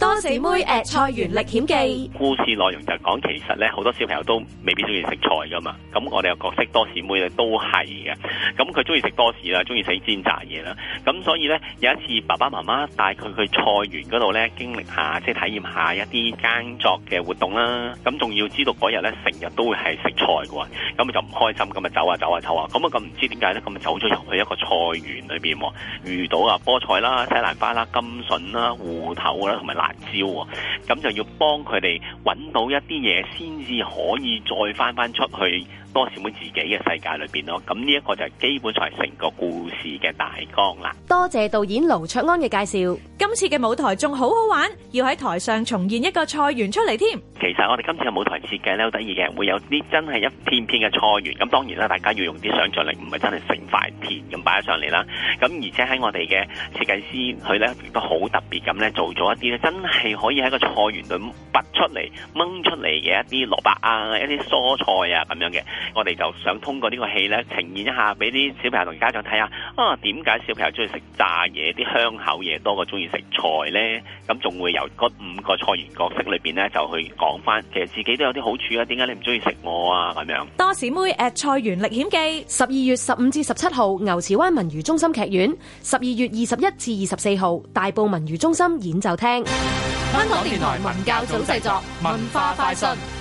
多士妹《誒、啊、菜園歷險記》，故事內容就講其實咧，好多小朋友都未必中意食菜㗎嘛。咁我哋嘅角色多士妹咧都係嘅。咁佢中意食多士啦，中意食煎炸嘢啦。咁所以咧有一次，爸爸媽媽帶佢去菜園嗰度咧，經歷下即係、就是、體驗一下一啲耕作嘅活動啦。咁仲要知道嗰日咧成日都會係食菜嘅喎。咁佢就唔開心，咁咪走啊走啊走啊。咁啊咁唔、啊啊、知點解咧，咁咪走咗入去一個菜園裏邊喎，遇到啊菠菜啦、西蘭花啦、甘筍啦、芋頭啦，同埋辣。招，咁就要幫佢哋揾到一啲嘢，先至可以再返返出去。多姊妹自己嘅世界裏邊咯，咁呢一個就基本上係成個故事嘅大綱啦。多謝導演盧卓安嘅介紹。今次嘅舞台仲好好玩，要喺台上重現一個菜園出嚟添。其實我哋今次嘅舞台設計咧好得意嘅，會有啲真係一片片嘅菜園。咁當然啦，大家要用啲想象力，唔係真係成塊田咁擺咗上嚟啦。咁而且喺我哋嘅設計師佢咧亦都好特別咁咧，做咗一啲咧真係可以喺個菜園度拔出嚟、掹出嚟嘅一啲蘿蔔啊、一啲蔬菜啊咁樣嘅。我哋就想通過呢個戲咧，呈現一下俾啲小朋友同家長睇下，啊，點解小朋友中意食炸嘢，啲香口嘢多過中意食菜呢？咁、嗯、仲會由嗰五個菜園角色裏邊呢，就去講翻，其實自己都有啲好處啊！點解你唔中意食我啊？咁樣多士妹《誒菜園歷險記》，十二月十五至十七號，牛池灣文娛中心劇院；十二月二十一至二十四號，大埔文娛中心演奏廳。香港電台文教組製作，文化快訊。